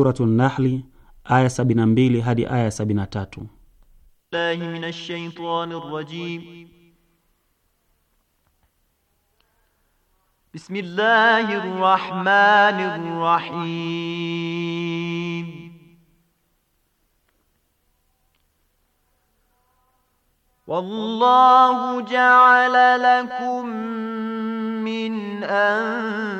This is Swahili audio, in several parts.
Suratu Nahli aya mbili hadi aya 73. Billahi minash shaitani rajim. Bismillahir Rahmanir Rahim. والله جعل لكم من أنفسكم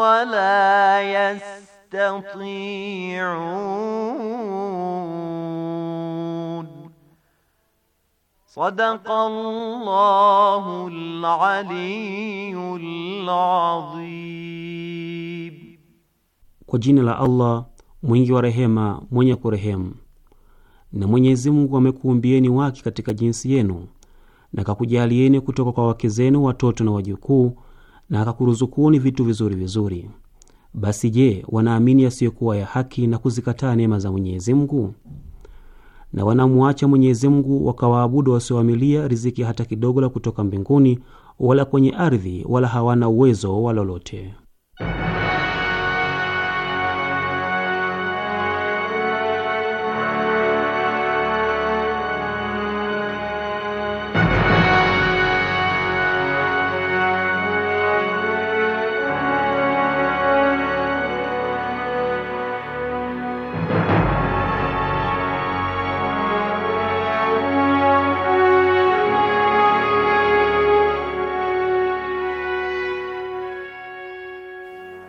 ولا يستطيعون صدق الله العلي العظيم Kwa jina la Allah mwingi wa rehema mwenye kurehemu. Na Mwenyezi Mungu amekuumbieni wake katika jinsi yenu na kakujalieni kutoka kwa wake zenu watoto na wajukuu na akakuruzukuni vitu vizuri vizuri. Basi je, wanaamini yasiyokuwa ya haki na kuzikataa neema za Mwenyezi Mungu? Na wanamuacha Mwenyezi Mungu wakawaabudu wasioamilia riziki hata kidogo la kutoka mbinguni wala kwenye ardhi, wala hawana uwezo wa lolote.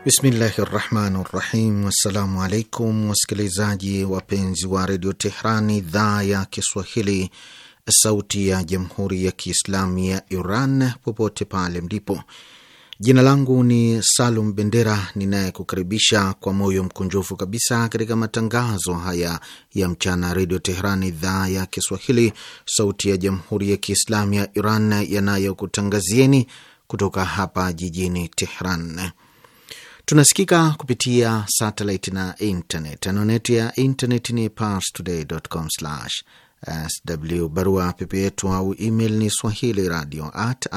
Bismillahi rahmani rahim. Wassalamu alaikum wasikilizaji wapenzi wa redio Tehran, idhaa ya Kiswahili, sauti ya jamhuri ya kiislamu ya Iran, popote pale mlipo. Jina langu ni Salum Bendera ninayekukaribisha kwa moyo mkunjufu kabisa katika matangazo haya ya mchana, redio Tehran, idhaa ya Kiswahili, sauti ya jamhuri ya kiislamu ya Iran, yanayokutangazieni kutoka hapa jijini Tehran. Tunasikika kupitia satellite na internet. yetu ya internet ni parstoday.com/sw. Barua pepe yetu au email ni swahili radio at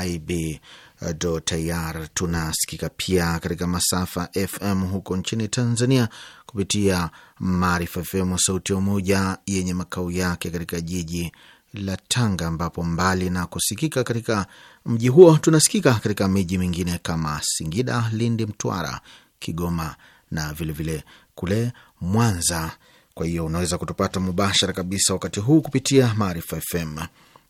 irib.ir. Tunasikika pia katika masafa FM huko nchini Tanzania kupitia Maarifa FM, sauti ya Umoja, yenye makao yake katika jiji la Tanga, ambapo mbali na kusikika katika mji huo tunasikika katika miji mingine kama Singida, Lindi, Mtwara, Kigoma na vilevile vile kule Mwanza. Kwa hiyo unaweza kutupata mubashara kabisa wakati huu kupitia Maarifa FM.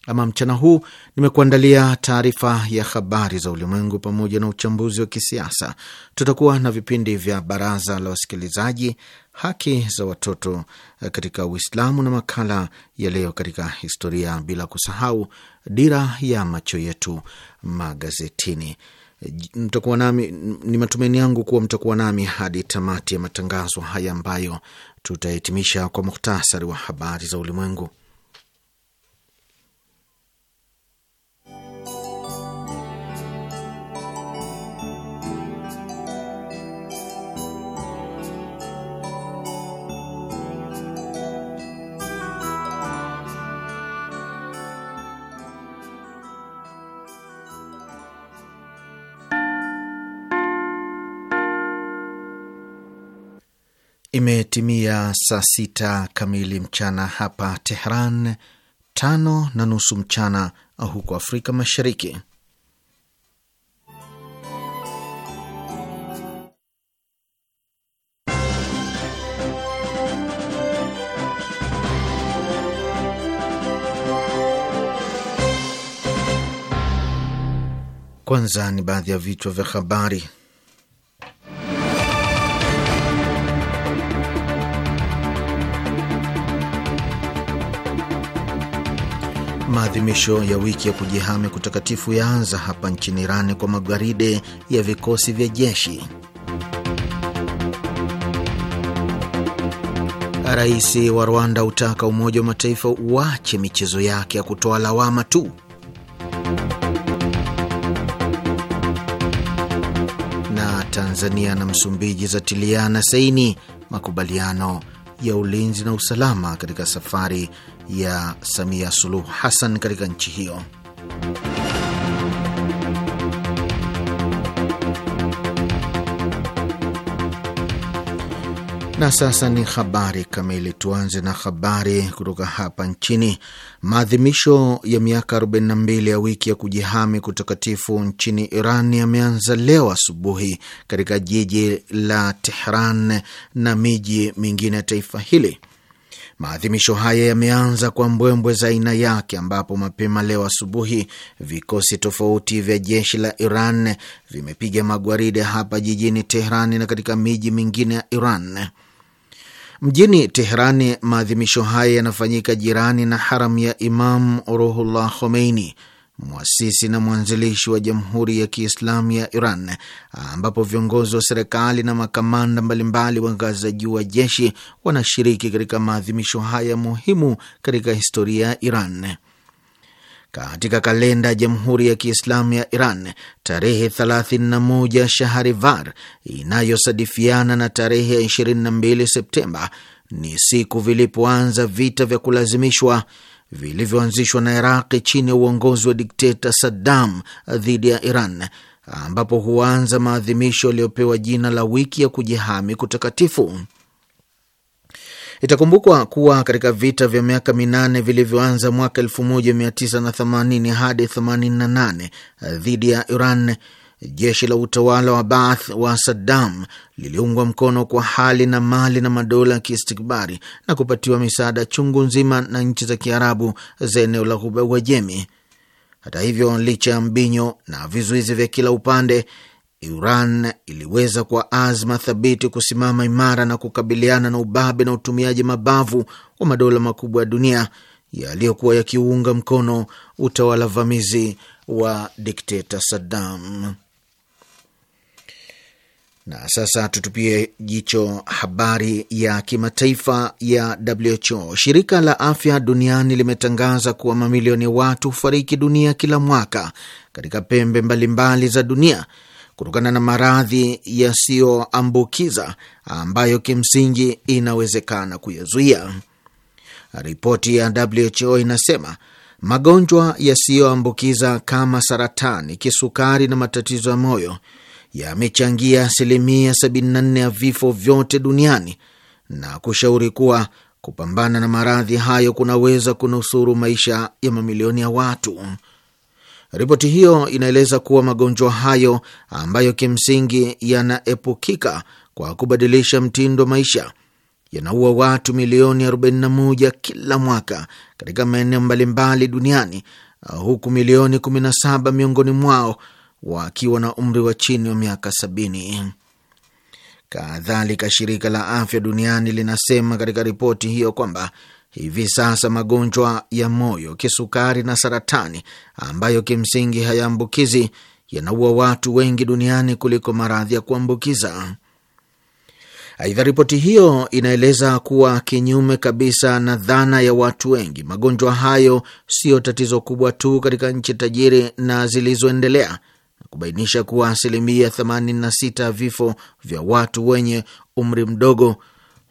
Ama mchana huu nimekuandalia taarifa ya habari za ulimwengu pamoja na uchambuzi wa kisiasa. Tutakuwa na vipindi vya baraza la wasikilizaji, haki za watoto katika Uislamu na makala ya leo katika historia, bila kusahau dira ya macho yetu magazetini. Mtakuwa nami, ni matumaini yangu kuwa mtakuwa nami hadi tamati ya matangazo haya ambayo tutahitimisha kwa muhtasari wa habari za ulimwengu. Imetimia saa sita kamili mchana hapa Tehran, tano na nusu mchana huko Afrika Mashariki. Kwanza ni baadhi ya vichwa vya habari. Maadhimisho ya wiki ya kujihami kutakatifu yaanza hapa nchini Iran kwa magwaride ya vikosi vya jeshi. Rais wa Rwanda utaka Umoja wa Mataifa uache michezo yake ya kutoa lawama tu. Na Tanzania na Msumbiji zatiliana saini makubaliano ya ulinzi na usalama katika safari ya Samia Suluhu Hassan katika nchi hiyo. Na sasa ni habari kamili. Tuanze na habari kutoka hapa nchini. Maadhimisho ya miaka 42 ya wiki ya kujihami kutakatifu nchini Iran yameanza leo asubuhi katika jiji la Tehran na miji mingine ya taifa hili. Maadhimisho haya yameanza kwa mbwembwe za aina yake, ambapo mapema leo asubuhi vikosi tofauti vya jeshi la Iran vimepiga magwaride hapa jijini tehran na katika miji mingine ya Iran. Mjini Teherani, maadhimisho haya yanafanyika jirani na haram ya Imam Ruhullah Khomeini, mwasisi na mwanzilishi wa Jamhuri ya Kiislamu ya Iran, ambapo viongozi wa serikali na makamanda mbalimbali wa ngazi za juu wa jeshi wanashiriki katika maadhimisho haya muhimu katika historia ya Iran katika kalenda ya Jamhuri ya Kiislamu ya Iran tarehe 31 Shaharivar inayosadifiana na tarehe ya 22 Septemba ni siku vilipoanza vita vya kulazimishwa vilivyoanzishwa na Iraqi chini ya uongozi wa dikteta Saddam dhidi ya Iran, ambapo huanza maadhimisho yaliyopewa jina la wiki ya kujihami kutakatifu. Itakumbukwa kuwa katika vita vya miaka minane vilivyoanza mwaka 1980 hadi 88 eh, dhidi ya Iran, jeshi la utawala wa Baath wa Saddam liliungwa mkono kwa hali na mali na madola ya kiistikbari na kupatiwa misaada chungu nzima na nchi za Kiarabu za eneo la Ghuba Uajemi. Hata hivyo, licha ya mbinyo na vizuizi vya kila upande, Iran iliweza kwa azma thabiti kusimama imara na kukabiliana na ubabe na utumiaji mabavu wa madola makubwa ya dunia yaliyokuwa yakiunga mkono utawala vamizi wa dikteta Saddam. Na sasa tutupie jicho habari ya kimataifa ya WHO. Shirika la Afya Duniani limetangaza kuwa mamilioni ya watu hufariki dunia kila mwaka katika pembe mbalimbali mbali za dunia kutokana na maradhi yasiyoambukiza ambayo kimsingi inawezekana kuyazuia. Ripoti ya WHO inasema magonjwa yasiyoambukiza kama saratani, kisukari na matatizo ya moyo yamechangia asilimia 74 ya vifo vyote duniani na kushauri kuwa kupambana na maradhi hayo kunaweza kunusuru maisha ya mamilioni ya watu. Ripoti hiyo inaeleza kuwa magonjwa hayo ambayo kimsingi yanaepukika kwa kubadilisha mtindo maisha yanaua watu milioni 41 kila mwaka katika maeneo mbalimbali duniani huku milioni 17 miongoni mwao wakiwa na umri wa chini wa miaka 70. Kadhalika, shirika la afya duniani linasema katika ripoti hiyo kwamba Hivi sasa magonjwa ya moyo, kisukari na saratani ambayo kimsingi hayaambukizi yanaua watu wengi duniani kuliko maradhi ya kuambukiza. Aidha, ripoti hiyo inaeleza kuwa kinyume kabisa na dhana ya watu wengi, magonjwa hayo siyo tatizo kubwa tu katika nchi tajiri na zilizoendelea, na kubainisha kuwa asilimia 86 ya vifo vya watu wenye umri mdogo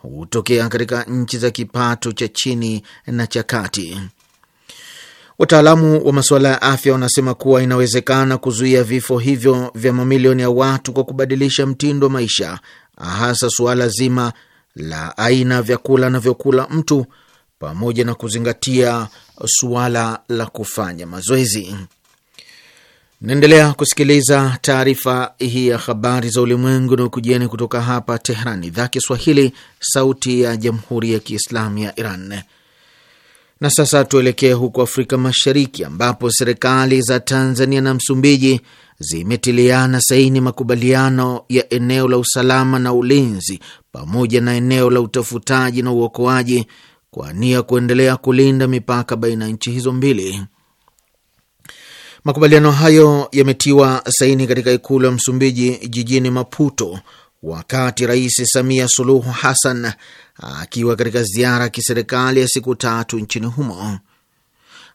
hutokea katika nchi za kipato cha chini na cha kati. Wataalamu wa masuala ya afya wanasema kuwa inawezekana kuzuia vifo hivyo vya mamilioni ya watu kwa kubadilisha mtindo wa maisha, hasa suala zima la aina ya vyakula anavyokula mtu pamoja na kuzingatia suala la kufanya mazoezi. Naendelea kusikiliza taarifa hii ya habari za ulimwengu na ukujieni kutoka hapa Tehran, idhaa Kiswahili, sauti ya jamhuri ya kiislamu ya Iran. Na sasa tuelekee huko Afrika Mashariki, ambapo serikali za Tanzania na Msumbiji zimetiliana saini makubaliano ya eneo la usalama na ulinzi pamoja na eneo la utafutaji na uokoaji kwa nia kuendelea kulinda mipaka baina ya nchi hizo mbili. Makubaliano hayo yametiwa saini katika ikulu ya Msumbiji jijini Maputo, wakati Rais Samia Suluhu Hassan akiwa katika ziara ya kiserikali ya siku tatu nchini humo.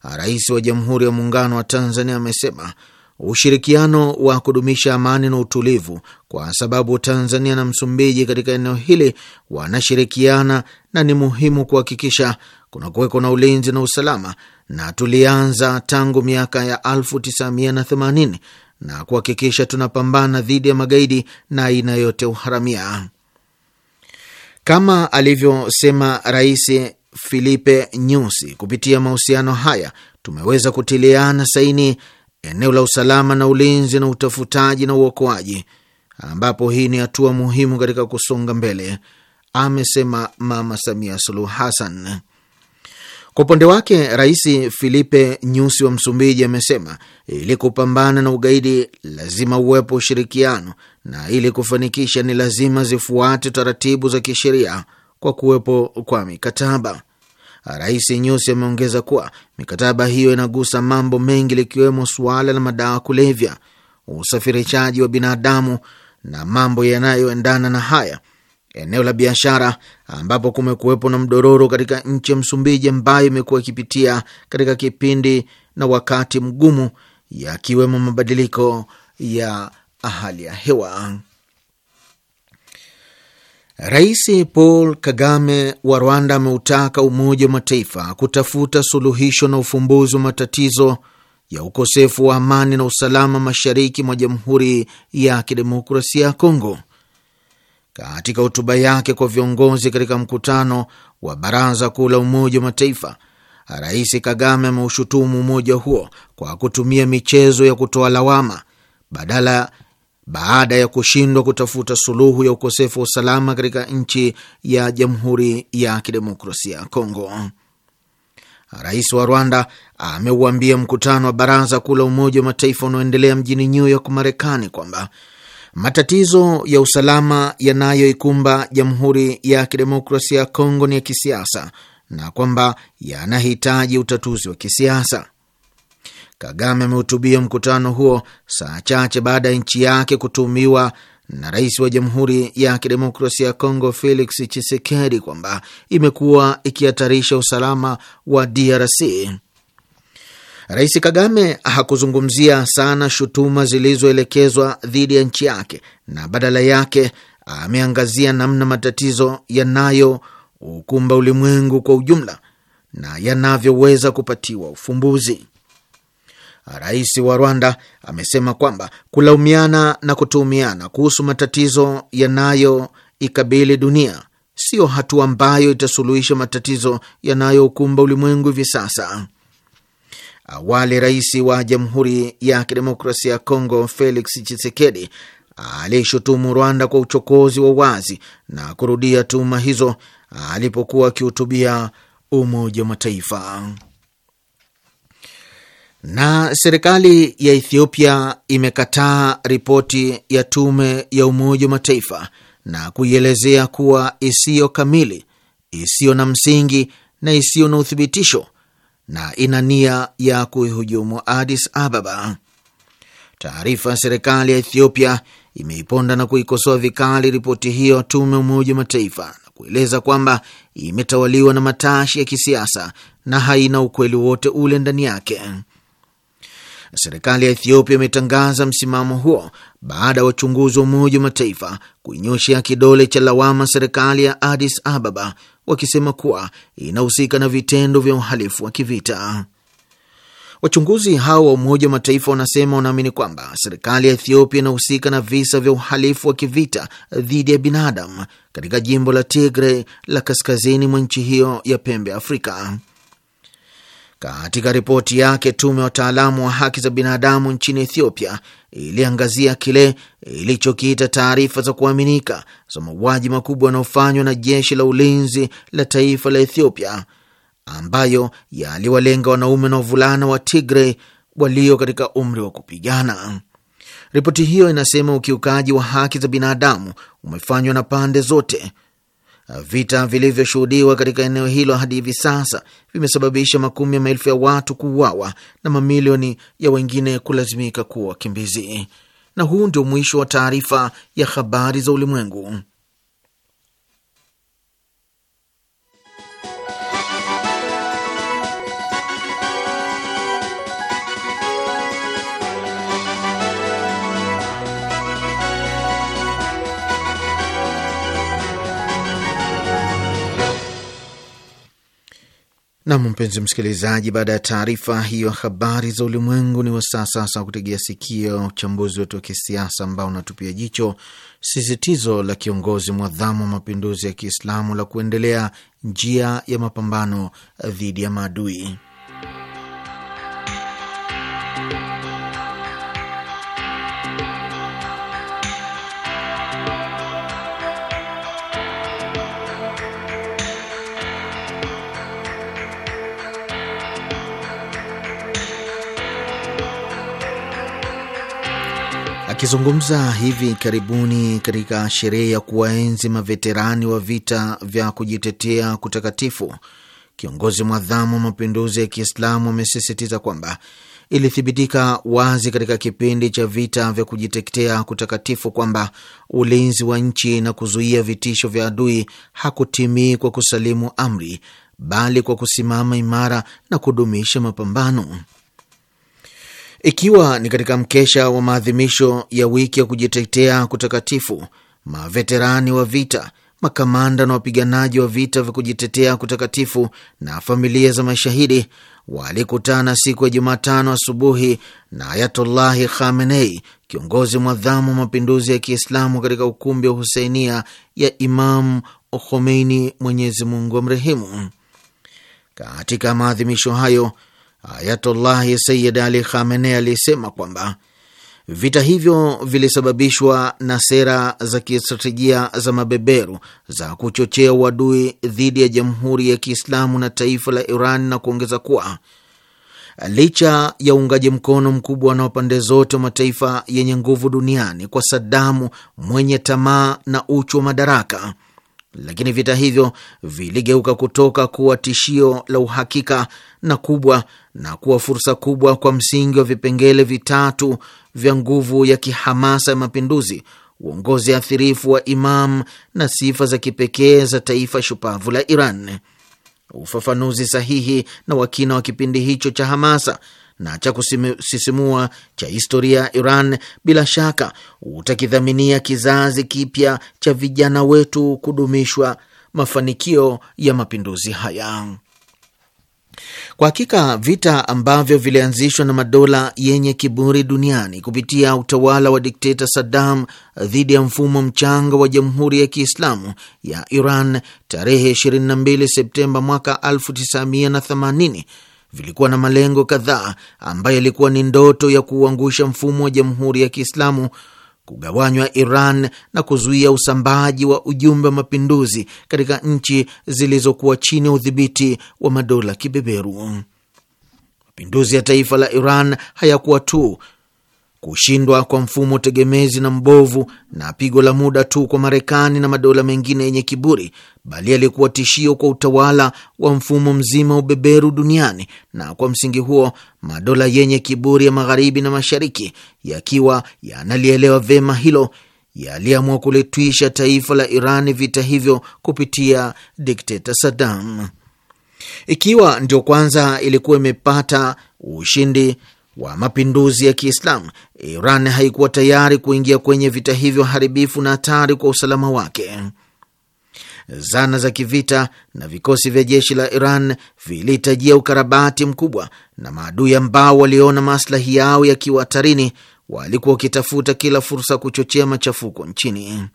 Rais wa Jamhuri ya Muungano wa Tanzania amesema ushirikiano wa kudumisha amani na utulivu, kwa sababu Tanzania na Msumbiji katika eneo hili wanashirikiana na ni muhimu kuhakikisha kuna kuweko na ulinzi na usalama, na tulianza tangu miaka ya 1980 na kuhakikisha tunapambana dhidi ya magaidi na aina yote uharamia, kama alivyosema Rais Filipe Nyusi. Kupitia mahusiano haya tumeweza kutiliana saini eneo la usalama na ulinzi na utafutaji na uokoaji, ambapo hii ni hatua muhimu katika kusonga mbele, amesema Mama Samia Suluhu Hassan. Kwa upande wake Rais Filipe Nyusi wa Msumbiji amesema ili kupambana na ugaidi lazima uwepo ushirikiano, na ili kufanikisha ni lazima zifuate taratibu za kisheria kwa kuwepo kwa mikataba. Rais Nyusi ameongeza kuwa mikataba hiyo inagusa mambo mengi likiwemo suala la madawa kulevya, usafirishaji wa binadamu na mambo yanayoendana na haya, eneo la biashara ambapo kumekuwepo na mdororo katika nchi ya Msumbiji ambayo imekuwa ikipitia katika kipindi na wakati mgumu, yakiwemo mabadiliko ya hali ya hewa. Rais Paul Kagame wa Rwanda ameutaka Umoja wa Mataifa kutafuta suluhisho na ufumbuzi wa matatizo ya ukosefu wa amani na usalama mashariki mwa Jamhuri ya Kidemokrasia ya Kongo. Katika hotuba yake kwa viongozi katika mkutano wa baraza kuu la Umoja wa Mataifa, Rais Kagame ameushutumu umoja huo kwa kutumia michezo ya kutoa lawama badala baada ya kushindwa kutafuta suluhu ya ukosefu wa usalama katika nchi ya Jamhuri ya Kidemokrasia ya Kongo. Rais wa Rwanda ameuambia mkutano wa baraza kuu la Umoja wa Mataifa unaoendelea mjini New York, Marekani, kwamba Matatizo ya usalama yanayoikumba Jamhuri ya Kidemokrasia ya Kongo ni ya kisiasa na kwamba yanahitaji utatuzi wa kisiasa. Kagame amehutubia mkutano huo saa chache baada ya nchi yake kutumiwa na rais wa Jamhuri ya Kidemokrasia ya Kongo Felix Tshisekedi kwamba imekuwa ikihatarisha usalama wa DRC. Rais Kagame hakuzungumzia sana shutuma zilizoelekezwa dhidi ya nchi yake na badala yake ameangazia namna matatizo yanayoukumba ulimwengu kwa ujumla na yanavyoweza kupatiwa ufumbuzi. Rais wa Rwanda amesema kwamba kulaumiana na kutuhumiana kuhusu matatizo yanayoikabili dunia siyo hatua ambayo itasuluhisha matatizo yanayoukumba ulimwengu hivi sasa. Awali rais wa Jamhuri ya Kidemokrasia ya Kongo Felix Tshisekedi aliyeshutumu Rwanda kwa uchokozi wa wazi na kurudia tuhuma hizo alipokuwa akihutubia Umoja wa Mataifa. Na serikali ya Ethiopia imekataa ripoti ya tume ya Umoja wa Mataifa na kuielezea kuwa isiyo kamili, isiyo na msingi na isiyo na uthibitisho na ina nia ya kuihujumu Addis Ababa. Taarifa ya serikali ya Ethiopia imeiponda na kuikosoa vikali ripoti hiyo tume ya Umoja wa Mataifa na kueleza kwamba imetawaliwa na matashi ya kisiasa na haina ukweli wote ule ndani yake. Serikali ya Ethiopia imetangaza msimamo huo baada ya wachunguzi wa Umoja wa Mataifa kuinyoshea kidole cha lawama serikali ya Addis Ababa wakisema kuwa inahusika na vitendo vya uhalifu wa kivita. Wachunguzi hao wa Umoja wa Mataifa wanasema wanaamini kwamba serikali ya Ethiopia inahusika na visa vya uhalifu wa kivita dhidi ya binadamu katika jimbo la Tigre la kaskazini mwa nchi hiyo ya pembe Afrika. Katika ripoti yake, tume ya wataalamu wa haki za binadamu nchini Ethiopia iliangazia kile ilichokiita taarifa za kuaminika za mauaji makubwa yanayofanywa na jeshi la ulinzi la taifa la Ethiopia ambayo yaliwalenga wanaume na wavulana wa Tigray walio katika umri wa kupigana. Ripoti hiyo inasema ukiukaji wa haki za binadamu umefanywa na pande zote Vita vilivyoshuhudiwa katika eneo hilo hadi hivi sasa vimesababisha makumi ya maelfu ya watu kuuawa na mamilioni ya wengine kulazimika kuwa wakimbizi. Na huu ndio mwisho wa taarifa ya habari za ulimwengu. Nam, mpenzi msikilizaji, baada ya taarifa hiyo habari za ulimwengu, ni wasaa sasa wa kutegea sikio uchambuzi wetu wa kisiasa ambao unatupia jicho sisitizo la kiongozi mwadhamu wa mapinduzi ya Kiislamu la kuendelea njia ya mapambano dhidi ya maadui. Akizungumza hivi karibuni katika sherehe ya kuwaenzi maveterani wa vita vya kujitetea kutakatifu, kiongozi mwadhamu wa mapinduzi ya Kiislamu amesisitiza kwamba ilithibitika wazi katika kipindi cha vita vya kujitetea kutakatifu kwamba ulinzi wa nchi na kuzuia vitisho vya adui hakutimii kwa kusalimu amri, bali kwa kusimama imara na kudumisha mapambano. Ikiwa ni katika mkesha wa maadhimisho ya wiki ya kujitetea kutakatifu, maveterani wa vita, makamanda na wapiganaji wa vita vya kujitetea kutakatifu na familia za mashahidi walikutana siku ya Jumatano asubuhi na Ayatullahi Khamenei, kiongozi mwadhamu wa mapinduzi ya Kiislamu, katika ukumbi wa Husainia ya Imam Khomeini, Mwenyezi Mungu amrehemu. Katika maadhimisho hayo Ayatullahi Sayyid Ali Khamenei alisema kwamba vita hivyo vilisababishwa na sera za kistratejia za mabeberu za kuchochea uadui dhidi ya Jamhuri ya Kiislamu na taifa la Iran na kuongeza kuwa licha ya uungaji mkono mkubwa na pande zote wa mataifa yenye nguvu duniani kwa Sadamu mwenye tamaa na uchu wa madaraka lakini vita hivyo viligeuka kutoka kuwa tishio la uhakika na kubwa na kuwa fursa kubwa kwa msingi wa vipengele vitatu vya nguvu ya kihamasa ya mapinduzi, uongozi athirifu wa Imam na sifa za kipekee za taifa shupavu la Iran. Ufafanuzi sahihi na wakina wa kipindi hicho cha hamasa na cha kusisimua cha historia ya Iran bila shaka utakidhaminia kizazi kipya cha vijana wetu kudumishwa mafanikio ya mapinduzi haya. Kwa hakika vita ambavyo vilianzishwa na madola yenye kiburi duniani kupitia utawala wa dikteta Saddam dhidi ya mfumo mchanga wa Jamhuri ya Kiislamu ya Iran tarehe 22 Septemba mwaka 1980 vilikuwa na malengo kadhaa ambayo ilikuwa ni ndoto ya kuuangusha mfumo wa Jamhuri ya Kiislamu, kugawanywa Iran na kuzuia usambaji wa ujumbe wa mapinduzi katika nchi zilizokuwa chini ya udhibiti wa madola kibeberu. Mapinduzi ya taifa la Iran hayakuwa tu kushindwa kwa mfumo tegemezi na mbovu na pigo la muda tu kwa Marekani na madola mengine yenye kiburi, bali alikuwa tishio kwa utawala wa mfumo mzima wa ubeberu duniani. Na kwa msingi huo madola yenye kiburi ya magharibi na mashariki, yakiwa yanalielewa vema hilo, yaliamua kulitwisha taifa la Irani vita hivyo kupitia dikteta Saddam. Ikiwa ndio kwanza ilikuwa imepata ushindi wa mapinduzi ya Kiislamu, Iran haikuwa tayari kuingia kwenye vita hivyo haribifu na hatari kwa usalama wake. Zana za kivita na vikosi vya jeshi la Iran vilihitajia ukarabati mkubwa, na maadui ambao waliona maslahi yao yakiwa hatarini walikuwa wakitafuta kila fursa kuchochea machafuko nchini.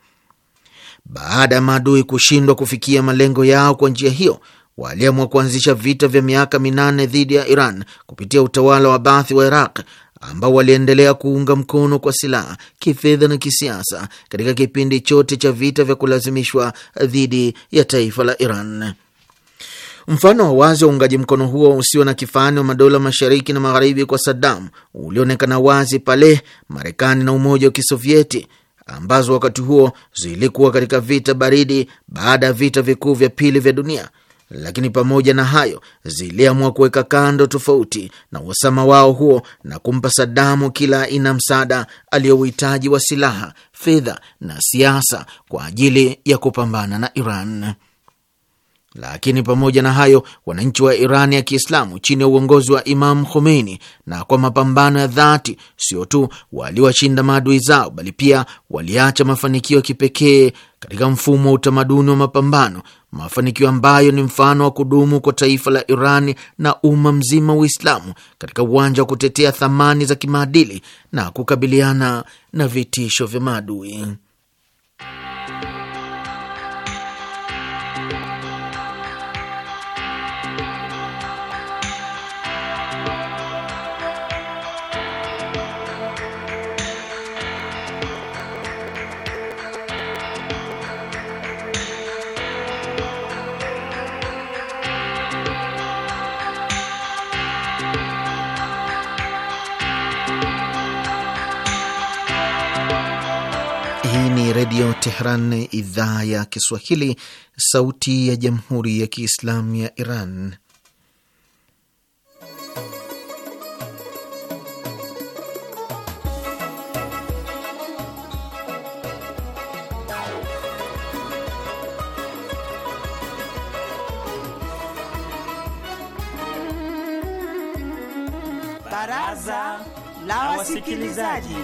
Baada ya maadui kushindwa kufikia malengo yao kwa njia hiyo, waliamua kuanzisha vita vya miaka minane dhidi ya Iran kupitia utawala wa Baathi wa Iraq ambao waliendelea kuunga mkono kwa silaha, kifedha na kisiasa katika kipindi chote cha vita vya kulazimishwa dhidi ya taifa la Iran. Mfano wa wazi wa uungaji mkono huo usio na kifani wa madola mashariki na magharibi kwa Saddam ulionekana wazi pale Marekani na Umoja wa Kisovieti ambazo wakati huo zilikuwa katika vita baridi baada ya vita vikuu vya pili vya dunia lakini pamoja na hayo, ziliamua kuweka kando tofauti na uhasama wao huo na kumpa Sadamu kila aina msaada aliyouhitaji wa silaha, fedha na siasa kwa ajili ya kupambana na Iran. Lakini pamoja na hayo, wananchi wa Iran ya Kiislamu chini ya uongozi wa Imam Khomeini na kwa mapambano ya dhati, sio tu waliwashinda maadui zao, bali pia waliacha mafanikio ya kipekee katika mfumo wa utamaduni wa mapambano mafanikio ambayo ni mfano wa kudumu kwa taifa la Iran na umma mzima Uislamu katika uwanja wa kutetea thamani za kimaadili na kukabiliana na vitisho vya maadui. Redio Tehran, idhaa ya Kiswahili, sauti ya Jamhuri ya Kiislamu ya Iran. Baraza la Wasikilizaji.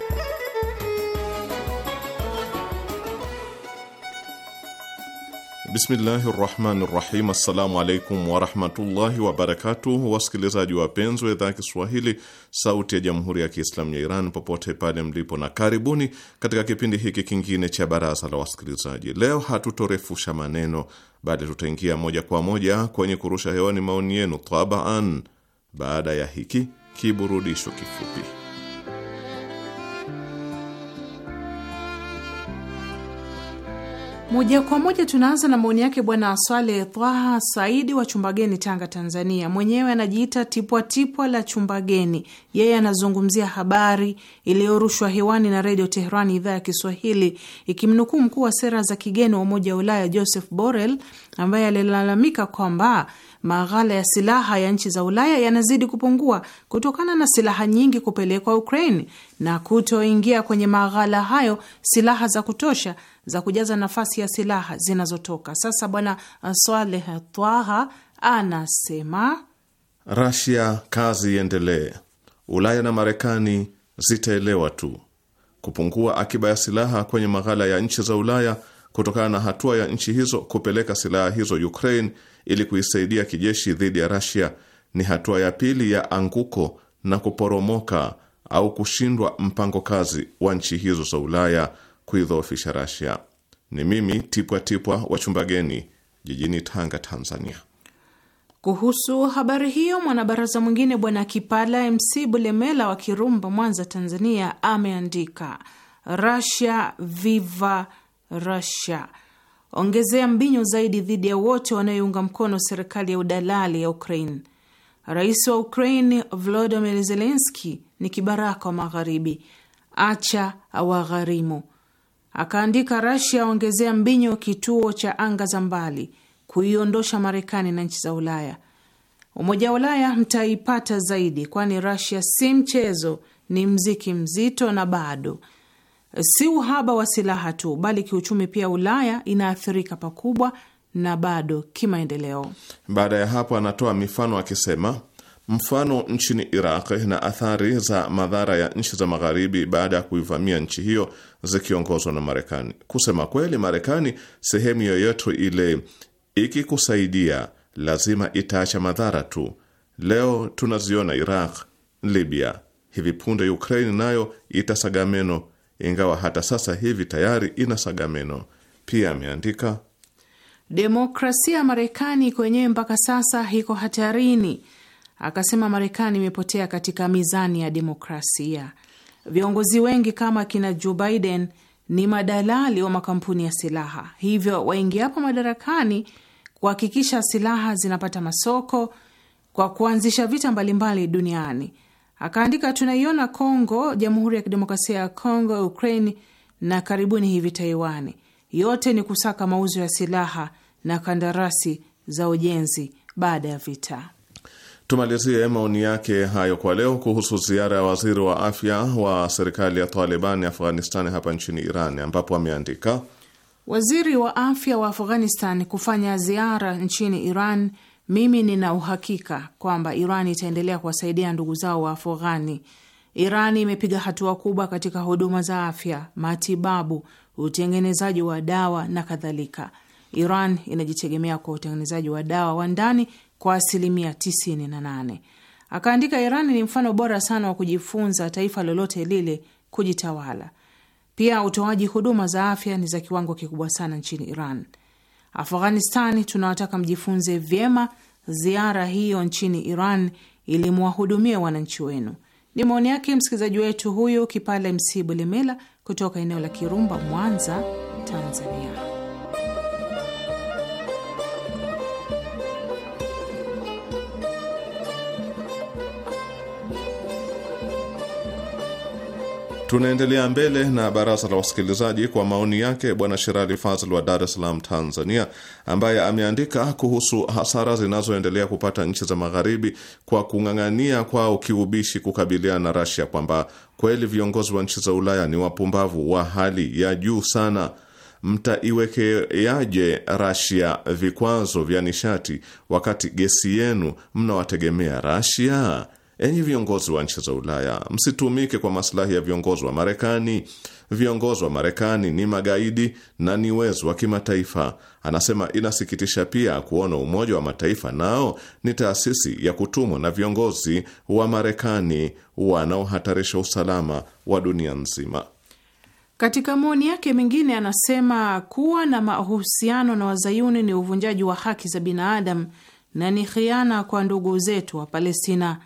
Bismillahi rahmani rahim. Assalamu alaikum warahmatullahi wabarakatuh. Wasikilizaji wapenzi wa idhaa ya Kiswahili sauti ya jamhuri ya Kiislamu ya Iran popote pale mlipo, na karibuni katika kipindi hiki kingine cha baraza la wasikilizaji. Leo hatutorefusha maneno, bali tutaingia moja kwa moja kwenye kurusha hewani maoni yenu tabaan, baada ya hiki kiburudisho kifupi. Moja kwa moja tunaanza na maoni yake Bwana aswale Twaha Saidi wa Chumbageni, Tanga, Tanzania. Mwenyewe anajiita tipwa tipwa la Chumbageni. Yeye anazungumzia habari iliyorushwa hewani na Redio Teherani, idhaa ya Kiswahili, ikimnukuu mkuu wa sera za kigeni wa Umoja wa Ulaya Joseph Borrell ambaye alilalamika kwamba maghala ya silaha ya nchi za Ulaya yanazidi kupungua kutokana na silaha nyingi kupelekwa Ukraine na kutoingia kwenye maghala hayo silaha za kutosha za kujaza nafasi ya silaha zinazotoka. Sasa Bwana uh, Swaleh Twaha anasema Rasia, kazi iendelee. Ulaya na Marekani zitaelewa tu. Kupungua akiba ya silaha kwenye maghala ya nchi za Ulaya kutokana na hatua ya nchi hizo kupeleka silaha hizo Ukraine ili kuisaidia kijeshi dhidi ya Rasia ni hatua ya pili ya anguko na kuporomoka au kushindwa mpango kazi wa nchi hizo za Ulaya kuidhoofisha Rasia. Ni mimi Tipwa Tipwa Wachumbageni, jijini Tanga, Tanzania. Kuhusu habari hiyo, mwanabaraza mwingine Bwana Kipala MC Bulemela wa Kirumba, Mwanza, Tanzania, ameandika Rasia viva Rasia, ongezea mbinyo zaidi dhidi ya wote wanayounga mkono serikali ya udalali ya Ukraine. Rais wa Ukraine Volodymyr Zelenski ni kibaraka wa Magharibi, acha awagharimu. Akaandika, Rasia aongezea mbinyo kituo cha anga za mbali kuiondosha Marekani na nchi za Ulaya. Umoja wa Ulaya mtaipata zaidi, kwani Rasia si mchezo, ni mziki mzito, na bado si uhaba wa silaha tu, bali kiuchumi pia Ulaya inaathirika pakubwa na bado kimaendeleo. Baada ya hapo, anatoa mifano akisema Mfano nchini Iraq na athari za madhara ya nchi za magharibi baada ya kuivamia nchi hiyo zikiongozwa na Marekani. Kusema kweli, Marekani sehemu yoyote ile ikikusaidia, lazima itaacha madhara tu. Leo tunaziona Iraq, Libya, hivi punde Ukraine nayo itasaga meno, ingawa hata sasa hivi tayari inasaga meno pia. Ameandika demokrasia ya Marekani kwenyewe mpaka sasa iko hatarini Akasema Marekani imepotea katika mizani ya demokrasia. Viongozi wengi kama kina Joe Biden ni madalali wa makampuni ya silaha, hivyo waingi hapo madarakani kuhakikisha silaha zinapata masoko kwa kuanzisha vita mbalimbali duniani. Akaandika, tunaiona Kongo, Jamhuri ya Kidemokrasia ya Kongo, Ukraini na karibuni hivi Taiwani, yote ni kusaka mauzo ya silaha na kandarasi za ujenzi baada ya vita. Tumalizie maoni yake hayo kwa leo kuhusu ziara ya waziri wa afya wa serikali ya taliban Afghanistan hapa nchini Iran, ambapo ameandika waziri wa afya wa Afghanistan kufanya ziara nchini Iran. Mimi nina uhakika kwamba Iran itaendelea kuwasaidia ndugu zao wa Afghani. Iran imepiga hatua kubwa katika huduma za afya, matibabu, utengenezaji wa dawa na kadhalika. Iran inajitegemea kwa utengenezaji wa dawa wa ndani kwa asilimia 98. Akaandika, iran ni mfano bora sana wa kujifunza taifa lolote lile kujitawala. Pia utoaji huduma za afya ni za kiwango kikubwa sana nchini Iran. Afghanistani tunawataka mjifunze vyema ziara hiyo nchini Iran ili mwahudumie wananchi wenu. Ni maoni yake msikilizaji wetu huyu Kipale Msibu Lemela kutoka eneo la Kirumba, Mwanza, Tanzania. Tunaendelea mbele na baraza la wasikilizaji kwa maoni yake Bwana Sherali Fazl wa Dar es Salaam, Tanzania, ambaye ameandika kuhusu hasara zinazoendelea kupata nchi za Magharibi kwa kung'ang'ania kwao kiubishi kukabiliana na Rasia, kwamba kweli viongozi wa nchi za Ulaya ni wapumbavu wa hali ya juu sana. Mtaiwekeaje Rasia vikwazo vya nishati wakati gesi yenu mnawategemea Rasia? Enyi viongozi wa nchi za Ulaya, msitumike kwa maslahi ya viongozi wa Marekani. Viongozi wa Marekani ni magaidi na ni wezi wa kimataifa. Anasema inasikitisha pia kuona Umoja wa Mataifa nao ni taasisi ya kutumwa na viongozi wa Marekani wanaohatarisha usalama wa dunia nzima. Katika maoni yake mengine, anasema kuwa na mahusiano na wazayuni ni uvunjaji wa haki za binadamu na ni khiana kwa ndugu zetu wa Palestina.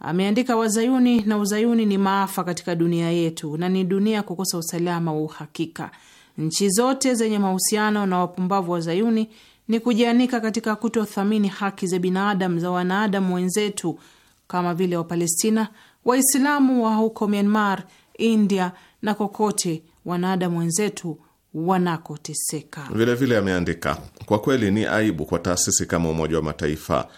Ameandika, wazayuni na uzayuni ni maafa katika dunia yetu na ni dunia kukosa usalama wa uhakika. Nchi zote zenye mahusiano na wapumbavu wazayuni ni kujianika katika kutothamini haki za binadamu za wanaadamu wenzetu kama vile Wapalestina, Waislamu wa huko Myanmar, India na kokote wanadamu wenzetu wanakoteseka. Vilevile ameandika, kwa kweli ni aibu kwa taasisi kama Umoja wa Mataifa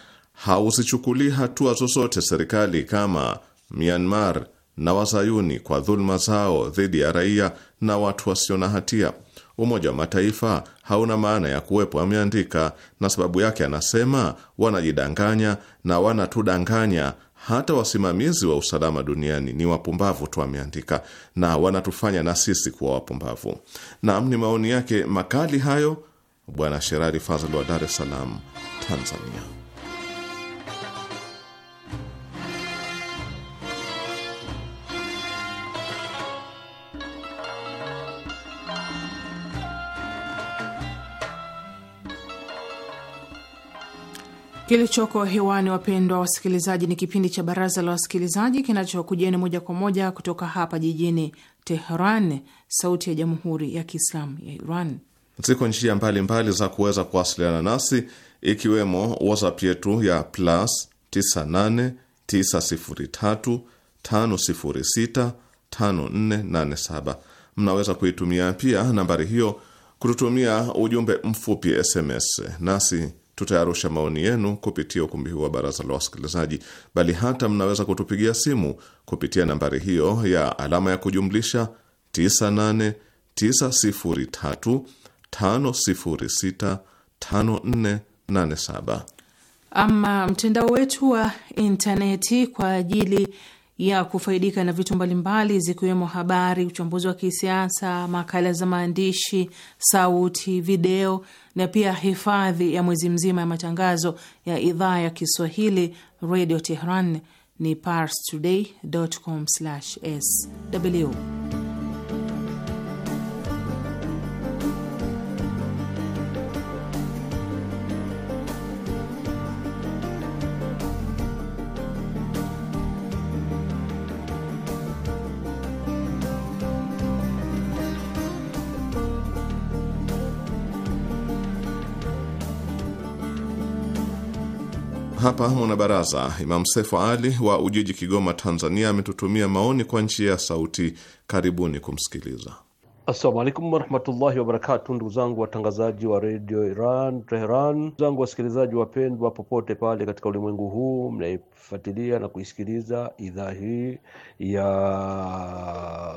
hauzichukulii hatua zozote serikali kama Myanmar na wazayuni kwa dhuluma zao dhidi ya raia na watu wasio na hatia. Umoja wa Mataifa hauna maana ya kuwepo, ameandika, na sababu yake anasema wanajidanganya na wanatudanganya. Hata wasimamizi wa usalama duniani ni wapumbavu tu, ameandika, na wanatufanya na sisi kuwa wapumbavu. Naam, ni maoni yake makali hayo, Bwana Sherari Fazl wa Dar es Salaam, Tanzania. Kilichoko hewani, wapendwa wasikilizaji, ni kipindi cha Baraza la Wasikilizaji kinachokujeni moja kwa moja kutoka hapa jijini Teheran, Sauti ya Jamhuri ya Kiislamu ya Iran. Ziko njia mbalimbali za kuweza kuwasiliana nasi, ikiwemo WhatsApp yetu ya plus 989035065487. Mnaweza kuitumia pia nambari hiyo kututumia ujumbe mfupi SMS, nasi tutayarusha maoni yenu kupitia ukumbi huu wa baraza la wasikilizaji, bali hata mnaweza kutupigia simu kupitia nambari hiyo ya alama ya kujumlisha 989035065487. Ama mtandao wetu wa intaneti kwa ajili ya kufaidika na vitu mbalimbali zikiwemo habari, uchambuzi wa kisiasa, makala za maandishi, sauti, video na pia hifadhi ya mwezi mzima ya matangazo ya idhaa ya Kiswahili Radio Tehran ni parstoday.com/sw. Hapa mwanabaraza Imam Sefu Ali wa Ujiji, Kigoma, Tanzania, ametutumia maoni kwa njia ya sauti. Karibuni kumsikiliza. Assalamu alaikum warahmatullahi wabarakatu, ndugu zangu watangazaji wa redio Iran Teheran, ndugu zangu wasikilizaji wapendwa popote pale katika ulimwengu huu mnaifuatilia na kuisikiliza idhaa hii ya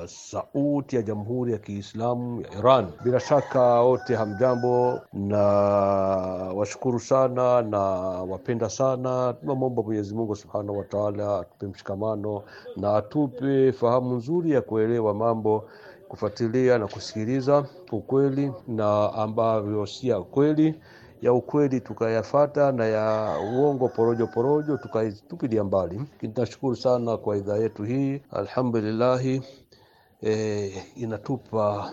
sauti ya jamhuri ya Kiislamu ya Iran. Bila shaka wote hamjambo, na washukuru sana na wapenda sana. Tunamwomba Mwenyezi Mungu subhanahu wa taala atupe mshikamano na atupe fahamu nzuri ya kuelewa mambo kufuatilia na kusikiliza ukweli na ambavyo si ya kweli ya ukweli tukayafata na ya uongo porojo porojo tukatupilia mbali. Tunashukuru sana kwa idhaa yetu hii alhamdulillahi. E, inatupa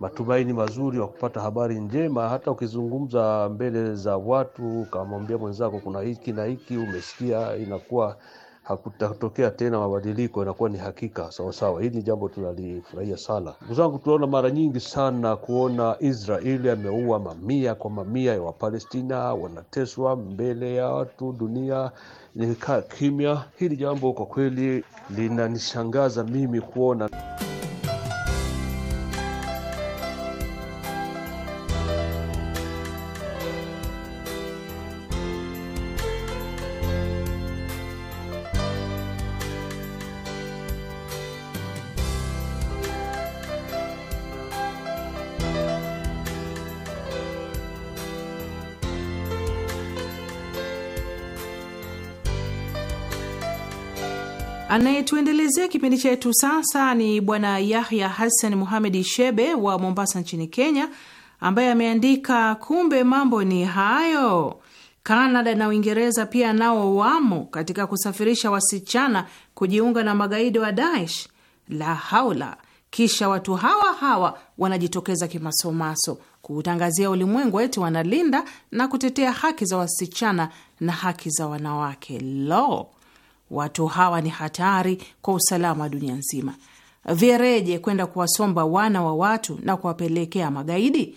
matumaini mazuri wa kupata habari njema. Hata ukizungumza mbele za watu ukamwambia mwenzako kuna hiki na hiki umesikia, inakuwa hakutatokea tena mabadiliko, inakuwa ni hakika sawasawa. Hili ni jambo tunalifurahia sana, ndugu zangu. Tunaona mara nyingi sana kuona Israeli ameua mamia kwa mamia ya Wapalestina, wanateswa mbele ya watu, dunia nikaa kimya. Hili jambo kwa kweli linanishangaza mimi kuona Anayetuendelezea kipindi chetu sasa ni Bwana Yahya Hassan Muhamedi Shebe wa Mombasa nchini Kenya, ambaye ameandika kumbe mambo ni hayo. Kanada na Uingereza pia nao wamo katika kusafirisha wasichana kujiunga na magaidi wa Daesh. La haula! Kisha watu hawa hawa wanajitokeza kimasomaso kuutangazia ulimwengu eti wanalinda na kutetea haki za wasichana na haki za wanawake. Lo! Watu hawa ni hatari kwa usalama wa dunia nzima. Vyereje kwenda kuwasomba wana wa watu na kuwapelekea magaidi?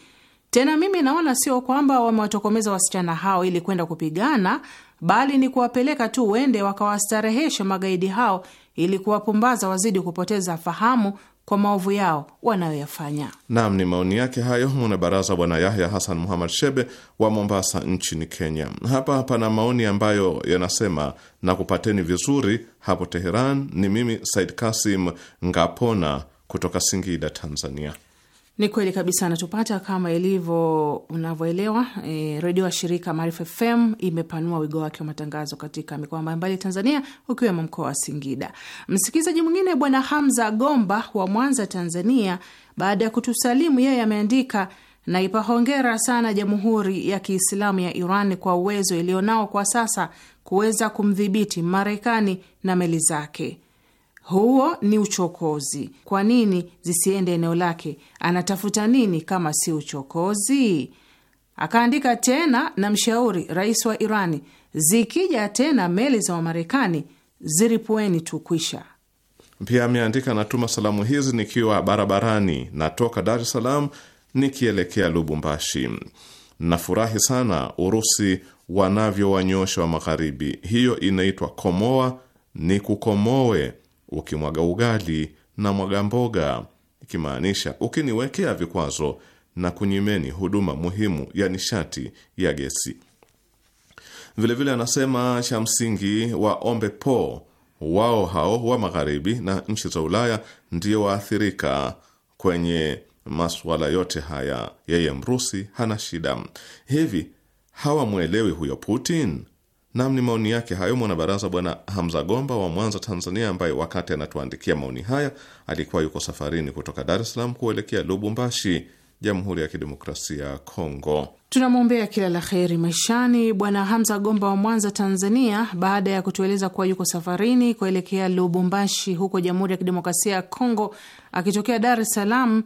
Tena mimi naona sio kwamba wamewatokomeza wasichana hao ili kwenda kupigana, bali ni kuwapeleka tu wende wakawastareheshe magaidi hao ili kuwapumbaza wazidi kupoteza fahamu kwa maovu yao wanayoyafanya. Naam, ni maoni yake hayo mwanabaraza Bwana Yahya hasan Muhammad Shebe wa Mombasa nchini Kenya. Hapa pana maoni ambayo yanasema na kupateni vizuri hapo Teheran. Ni mimi Said Kasim Ngapona kutoka Singida, Tanzania. Ni kweli kabisa, anatupata kama ilivyo unavyoelewa. E, redio wa shirika Maarifa FM imepanua wigo wake wa matangazo katika mikoa mbalimbali ya Tanzania, ukiwemo mkoa wa Singida. Msikilizaji mwingine Bwana Hamza Gomba wa Mwanza, Tanzania, baada ya kutusalimu, yeye ameandika naipa hongera sana Jamhuri ya Kiislamu ya Iran kwa uwezo ilionao kwa sasa kuweza kumdhibiti Marekani na meli zake. Huo ni uchokozi. Kwa nini zisiende eneo lake? Anatafuta nini kama si uchokozi? Akaandika tena na mshauri rais wa Irani, zikija tena meli za Wamarekani ziripueni tu, kwisha. Pia ameandika natuma salamu hizi nikiwa barabarani, natoka Dar es Salaam nikielekea Lubumbashi. Nafurahi sana Urusi wanavyowanyosha wa Magharibi. Hiyo inaitwa komoa, ni kukomoe ukimwaga ugali na mwaga mboga, ikimaanisha ukiniwekea vikwazo na kunyimeni huduma muhimu ya nishati ya gesi. Vilevile anasema cha msingi wa ombe po wao hao wa magharibi na nchi za Ulaya ndio waathirika kwenye masuala yote haya. Yeye Mrusi hana shida hivi, hawamwelewi huyo Putin? Nam, ni maoni yake hayo mwanabaraza Bwana Hamza Gomba wa Mwanza, Tanzania, ambaye wakati anatuandikia maoni haya alikuwa yuko safarini kutoka Dar es Salaam kuelekea Lubumbashi, Jamhuri ya Kidemokrasia ya Kongo. Tunamwombea kila la heri maishani Bwana Hamza Gomba wa Mwanza, Tanzania, baada ya kutueleza kuwa yuko safarini kuelekea Lubumbashi huko Jamhuri ya Kidemokrasia ya Kongo akitokea Dar es Salaam,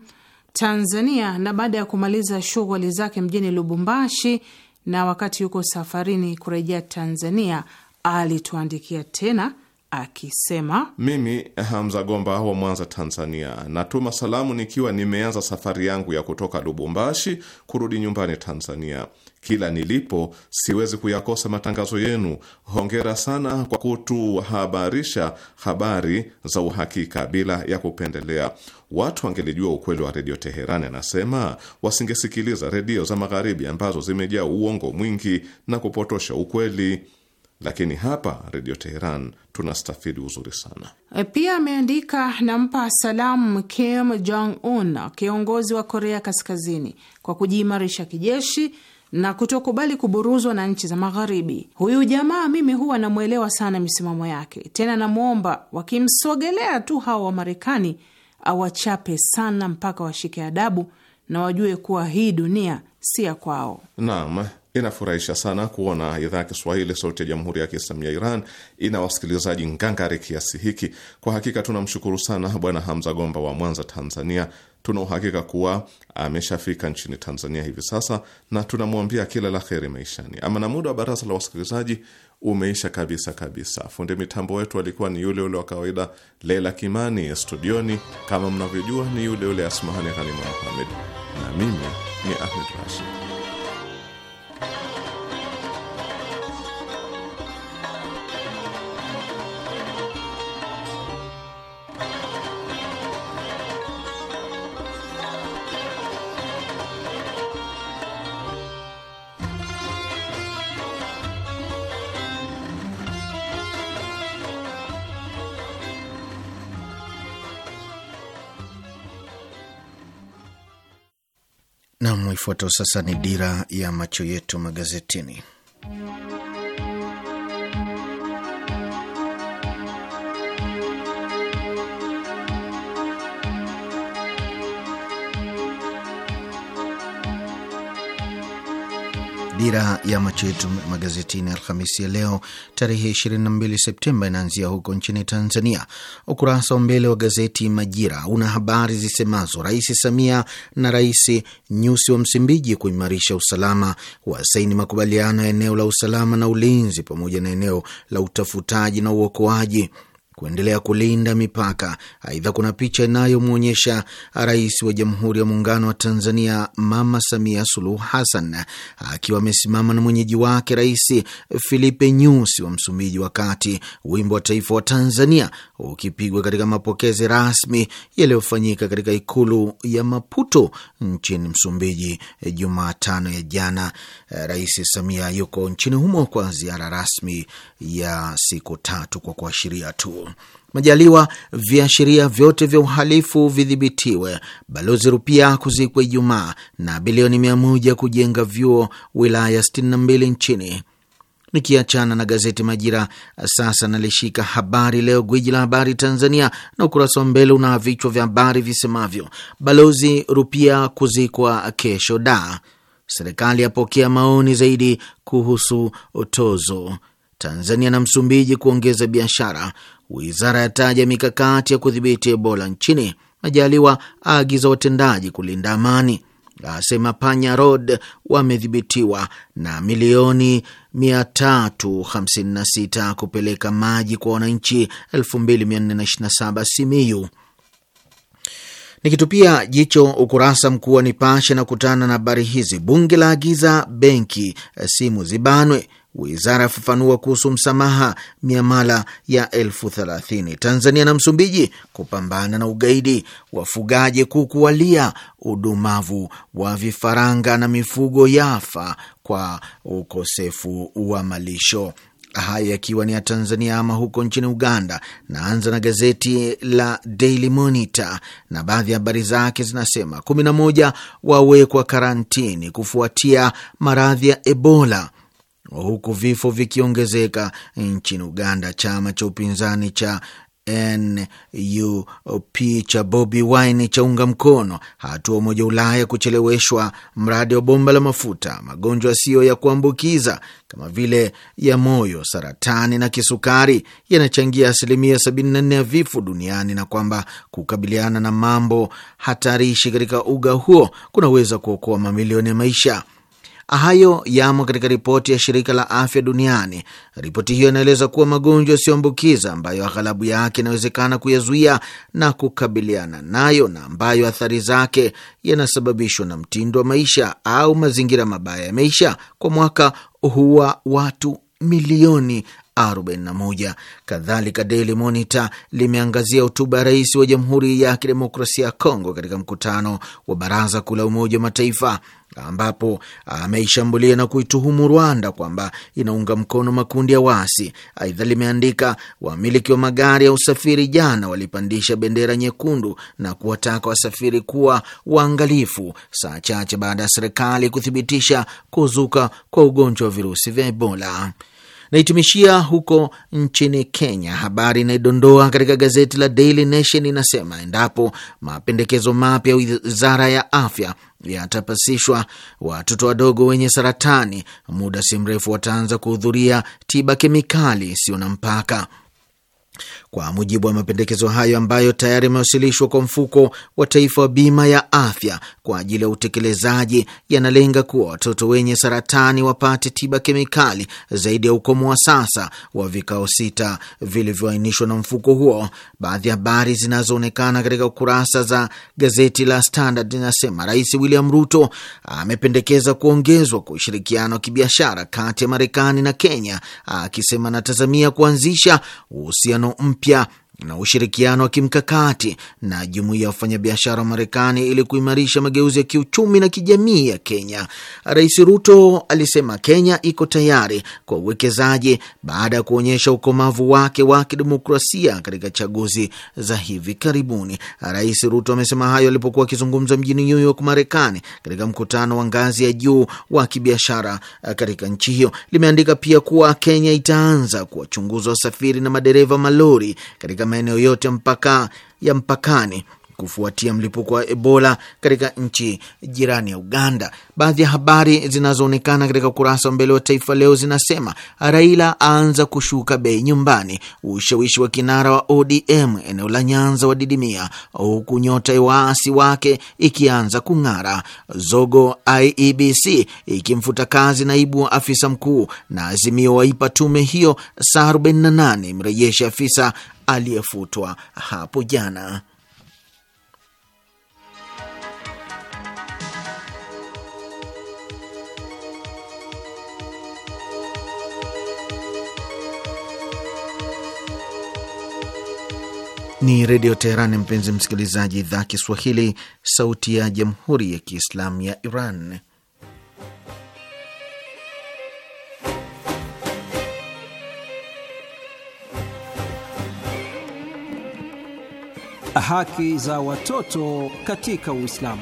Tanzania, na baada ya kumaliza shughuli zake mjini Lubumbashi na wakati yuko safarini kurejea Tanzania alituandikia tena akisema mimi Hamza Gomba wa Mwanza, Tanzania, natuma salamu nikiwa nimeanza safari yangu ya kutoka Lubumbashi kurudi nyumbani Tanzania. Kila nilipo siwezi kuyakosa matangazo yenu. Hongera sana kwa kutuhabarisha habari za uhakika bila ya kupendelea. Watu wangelijua ukweli wa Redio Teherani, anasema wasingesikiliza redio za magharibi ambazo zimejaa uongo mwingi na kupotosha ukweli lakini hapa Redio Teheran tunastafidi uzuri sana. E, pia ameandika, nampa salamu Kim Jong Un, kiongozi wa Korea Kaskazini, kwa kujiimarisha kijeshi na kutokubali kuburuzwa na nchi za Magharibi. Huyu jamaa mimi huwa namwelewa sana misimamo yake, tena namwomba wakimsogelea tu hawa wa Marekani awachape sana mpaka washike adabu na wajue kuwa hii dunia si ya kwao. Naam. Inafurahisha sana kuona idhaa ya Kiswahili sauti ya jamhuri ya Kiislamu ya Iran ina wasikilizaji ngangari kiasi hiki. Kwa hakika tunamshukuru sana Bwana Hamza Gomba wa Mwanza, Tanzania. Tuna uhakika kuwa ameshafika nchini Tanzania hivi sasa na tunamwambia kila la heri maishani. Ama na muda wa baraza la wasikilizaji umeisha kabisa kabisa. Fundi mitambo wetu alikuwa ni yule ule wa kawaida, Leila Kimani. Studioni kama mnavyojua ni yule ule Asmahani Ghanima Muhamed, na mimi ni Ahmed Rashid. Nam, ifuatao sasa ni dira ya macho yetu magazetini. Dira ya macho yetu magazetini Alhamisi ya leo tarehe 22 Septemba inaanzia huko nchini Tanzania. Ukurasa wa mbele wa gazeti Majira una habari zisemazo: Rais Samia na Rais Nyusi wa Msumbiji kuimarisha usalama, wasaini makubaliano ya eneo la usalama na ulinzi pamoja na eneo la utafutaji na uokoaji kuendelea kulinda mipaka. Aidha, kuna picha inayomwonyesha Rais wa Jamhuri ya Muungano wa Tanzania Mama Samia Suluhu Hassan akiwa amesimama na mwenyeji wake Rais Filipe Nyusi wa Msumbiji, wakati wimbo wa taifa wa Tanzania ukipigwa katika mapokezi rasmi yaliyofanyika katika ikulu ya Maputo nchini Msumbiji Jumatano ya jana. Rais Samia yuko nchini humo kwa ziara rasmi ya siku tatu, kwa kuashiria tu Majaliwa, viashiria vyote vya uhalifu vidhibitiwe. Balozi Rupia kuzikwa Ijumaa na bilioni mia moja kujenga vyuo wilaya 62 nchini. Nikiachana na gazeti Majira, sasa nalishika Habari Leo, gwiji la habari Tanzania, na ukurasa wa mbele una vichwa vya habari visemavyo: Balozi Rupia kuzikwa kesho, da serikali yapokea maoni zaidi kuhusu tozo Tanzania na Msumbiji kuongeza biashara. Wizara yataja mikakati ya kudhibiti Ebola nchini. Majaliwa aagiza watendaji kulinda amani, asema panya road wamedhibitiwa, na milioni 356 kupeleka maji kwa wananchi 2427 Simiyu. Nikitupia jicho ukurasa mkuu wa Nipashe na kutana na habari hizi: bunge la agiza benki simu zibanwe Wizara yafafanua kuhusu msamaha miamala ya elfu thelathini. Tanzania na Msumbiji kupambana na ugaidi. Wafugaji kuku walia udumavu wa vifaranga na mifugo yafa kwa ukosefu wa malisho. Haya yakiwa ni ya Tanzania. Ama huko nchini Uganda, naanza na gazeti la Daily Monitor na baadhi ya habari zake zinasema kumi na moja wawekwa karantini kufuatia maradhi ya Ebola huku vifo vikiongezeka nchini Uganda. Chama cha upinzani cha NUP cha Bobi Wine chaunga mkono hatua Umoja Ulaya kucheleweshwa mradi wa bomba la mafuta. Magonjwa yasiyo ya kuambukiza kama vile ya moyo, saratani na kisukari yanachangia asilimia 74 ya vifo duniani, na kwamba kukabiliana na mambo hatarishi katika uga huo kunaweza kuokoa mamilioni ya maisha. Hayo yamo katika ripoti ya shirika la afya duniani. Ripoti hiyo inaeleza kuwa magonjwa yasiyoambukiza ambayo aghalabu yake inawezekana kuyazuia na kukabiliana nayo na ambayo athari zake yanasababishwa na mtindo wa maisha au mazingira mabaya ya maisha, kwa mwaka huwa watu milioni 41. Kadhalika, Daily Monitor limeangazia hotuba ya rais wa Jamhuri ya Kidemokrasia ya Kongo katika mkutano wa Baraza Kuu la Umoja wa Mataifa ambapo ameishambulia na kuituhumu Rwanda kwamba inaunga mkono makundi ya wasi. Aidha, limeandika wamiliki wa magari ya usafiri jana walipandisha bendera nyekundu na kuwataka wasafiri kuwa waangalifu, saa chache baada ya serikali kuthibitisha kuzuka kwa ugonjwa wa virusi vya Ebola. Naitumishia huko nchini Kenya. Habari inayodondoa katika gazeti la Daily Nation inasema endapo mapendekezo mapya ya wizara ya afya yatapasishwa, watoto wadogo wenye saratani muda si mrefu wataanza kuhudhuria tiba kemikali isiyo na mpaka kwa mujibu wa mapendekezo hayo ambayo tayari yamewasilishwa kwa mfuko wa taifa wa bima ya afya kwa ajili ya utekelezaji, yanalenga kuwa watoto wenye saratani wapate tiba kemikali zaidi ya ukomo wa sasa wa vikao sita vilivyoainishwa na mfuko huo. Baadhi ya habari zinazoonekana katika kurasa za gazeti la Standard inasema Rais William Ruto amependekeza kuongezwa kwa ushirikiano wa kibiashara kati ya Marekani na Kenya, akisema anatazamia kuanzisha uhusiano mpya Yeah. na ushirikiano wa kimkakati na jumuiya ya wafanyabiashara wa Marekani ili kuimarisha mageuzi ya kiuchumi na kijamii ya Kenya. Rais Ruto alisema Kenya iko tayari kwa uwekezaji baada ya kuonyesha ukomavu wake wa kidemokrasia katika chaguzi za hivi karibuni. Rais Ruto amesema hayo alipokuwa akizungumza mjini New York, Marekani, katika mkutano wa ngazi ya juu wa kibiashara eh, katika nchi hiyo. Limeandika pia kuwa Kenya itaanza kuwachunguza wasafiri na madereva malori katika katika maeneo yote mpaka ya mpakani kufuatia mlipuko wa Ebola katika nchi jirani ya Uganda. Baadhi ya habari zinazoonekana katika ukurasa wa mbele wa Taifa Leo zinasema Raila aanza kushuka bei nyumbani, ushawishi wa kinara wa ODM eneo la Nyanza wadidimia, huku nyota ya waasi wake ikianza kung'ara. Zogo IEBC ikimfuta kazi naibu wa afisa mkuu, na Azimio waipa tume hiyo saa 48 mrejesha afisa aliyefutwa hapo jana. Ni Redio Teheran, mpenzi msikilizaji, idhaa Kiswahili, sauti ya Jamhuri ya Kiislamu ya Iran. Haki za watoto katika Uislamu.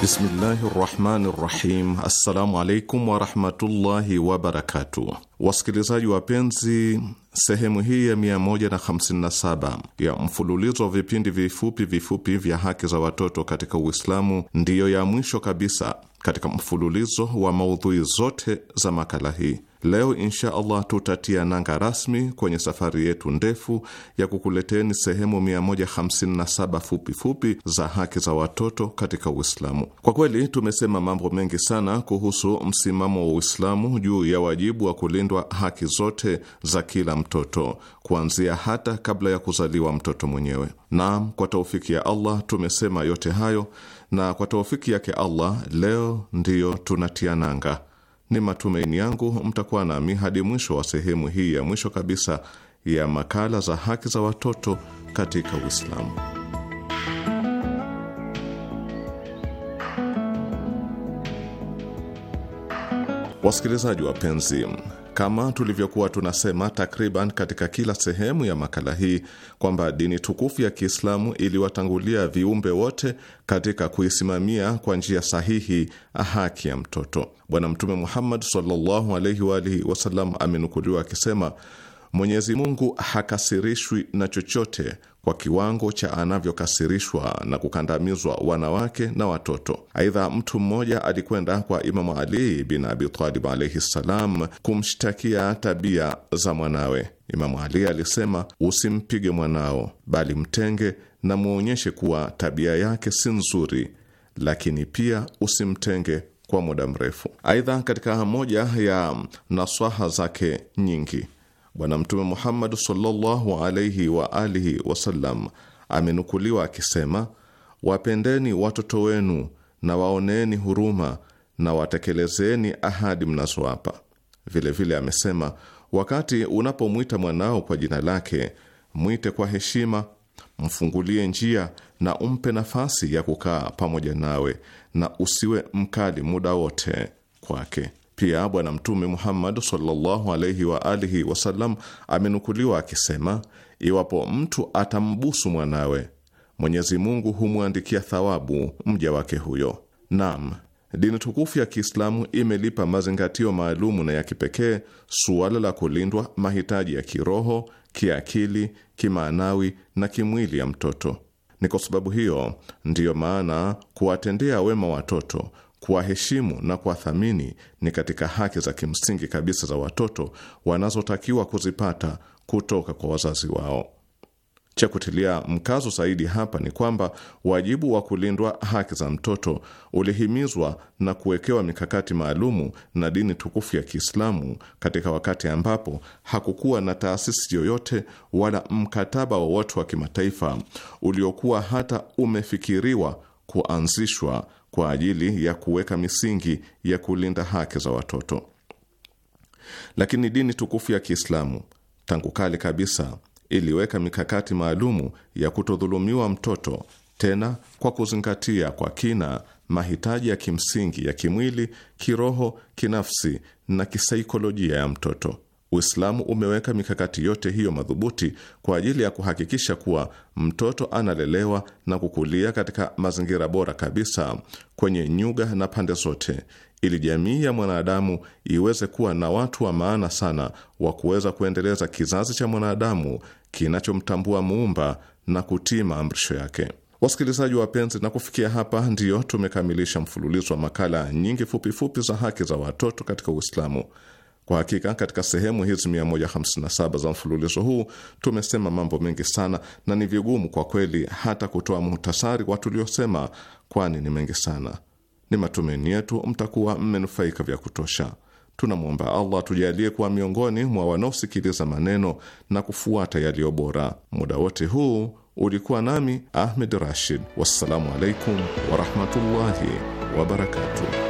Bismillahi rahmani rahim. Assalamu alaikum warahmatullahi wabarakatuh. Wasikilizaji wapenzi, sehemu hii ya 157 ya mfululizo wa vipindi vifupi vifupi vya haki za watoto katika Uislamu ndiyo ya mwisho kabisa katika mfululizo wa maudhui zote za makala hii. Leo insha Allah tutatia nanga rasmi kwenye safari yetu ndefu ya kukuleteni sehemu 157 fupifupi za haki za watoto katika Uislamu. Kwa kweli tumesema mambo mengi sana kuhusu msimamo wa Uislamu juu ya wajibu wa kulindwa haki zote za kila mtoto, kuanzia hata kabla ya kuzaliwa mtoto mwenyewe. Naam, kwa taufiki ya Allah tumesema yote hayo na kwa taufiki yake Allah leo ndiyo tunatia nanga. Ni matumaini yangu mtakuwa nami hadi mwisho wa sehemu hii ya mwisho kabisa ya makala za haki za watoto katika Uislamu. Wasikilizaji wapenzi kama tulivyokuwa tunasema takriban katika kila sehemu ya makala hii kwamba dini tukufu ya Kiislamu iliwatangulia viumbe wote katika kuisimamia kwa njia sahihi haki ya mtoto. Bwana Mtume Muhammad sallallahu alaihi wa alihi wasallam amenukuliwa akisema, Mwenyezi Mungu hakasirishwi na chochote kwa kiwango cha anavyokasirishwa na kukandamizwa wanawake na watoto. Aidha, mtu mmoja alikwenda kwa Imamu Ali bin Abi Talib alaihi ssalam kumshtakia tabia za mwanawe. Imamu Ali alisema, usimpige mwanao, bali mtenge na mwonyeshe kuwa tabia yake si nzuri, lakini pia usimtenge kwa muda mrefu. Aidha, katika moja ya naswaha zake nyingi Bwana Mtume Muhammad sallallahu alaihi wa alihi wasallam amenukuliwa akisema, wapendeni watoto wenu na waoneeni huruma na watekelezeni ahadi mnazoapa. Vilevile amesema, wakati unapomwita mwanao kwa jina lake, mwite kwa heshima, mfungulie njia na umpe nafasi ya kukaa pamoja nawe, na usiwe mkali muda wote kwake. Pia Bwana Mtume Muhammad sallallahu alaihi wa alihi wasallam amenukuliwa akisema, iwapo mtu atambusu mwanawe Mwenyezi Mungu humwandikia thawabu mja wake huyo. Naam, dini tukufu ya Kiislamu imelipa mazingatio maalumu na ya kipekee suala la kulindwa mahitaji ya kiroho, kiakili, kimaanawi na kimwili ya mtoto. Ni kwa sababu hiyo ndiyo maana kuwatendea wema watoto kuwaheshimu na kuwathamini ni katika haki za kimsingi kabisa za watoto wanazotakiwa kuzipata kutoka kwa wazazi wao. Cha kutilia mkazo zaidi hapa ni kwamba wajibu wa kulindwa haki za mtoto ulihimizwa na kuwekewa mikakati maalumu na dini tukufu ya Kiislamu katika wakati ambapo hakukuwa na taasisi yoyote wala mkataba wowote wa, wa kimataifa uliokuwa hata umefikiriwa kuanzishwa kwa ajili ya kuweka misingi ya kulinda haki za watoto. Lakini dini tukufu ya Kiislamu tangu kale kabisa iliweka mikakati maalumu ya kutodhulumiwa mtoto, tena kwa kuzingatia kwa kina mahitaji ya kimsingi ya kimwili, kiroho, kinafsi na kisaikolojia ya mtoto. Uislamu umeweka mikakati yote hiyo madhubuti kwa ajili ya kuhakikisha kuwa mtoto analelewa na kukulia katika mazingira bora kabisa kwenye nyuga na pande zote, ili jamii ya mwanadamu iweze kuwa na watu wa maana sana wa kuweza kuendeleza kizazi cha mwanadamu kinachomtambua muumba na kutii maamrisho yake. Wasikilizaji wapenzi, na kufikia hapa ndiyo tumekamilisha mfululizo wa makala nyingi fupifupi za haki za watoto katika Uislamu. Kwa hakika katika sehemu hizi 157 za mfululizo huu tumesema mambo mengi sana, na ni vigumu kwa kweli hata kutoa muhtasari wa tuliosema, kwani ni mengi sana. Ni matumaini yetu mtakuwa mmenufaika vya kutosha. Tunamwomba Allah tujalie kuwa miongoni mwa wanaosikiliza maneno na kufuata yaliyo bora. Muda wote huu ulikuwa nami Ahmed Rashid. Wassalamu alaikum warahmatullahi wabarakatuh.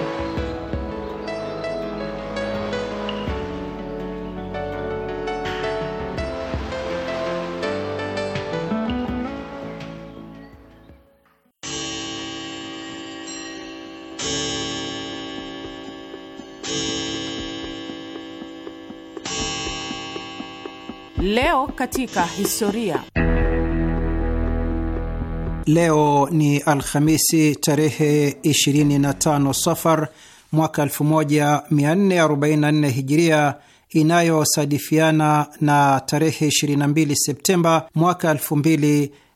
Leo katika historia. Leo ni Alhamisi tarehe 25 Safar mwaka 1444 Hijiria inayosadifiana na tarehe 22 Septemba mwaka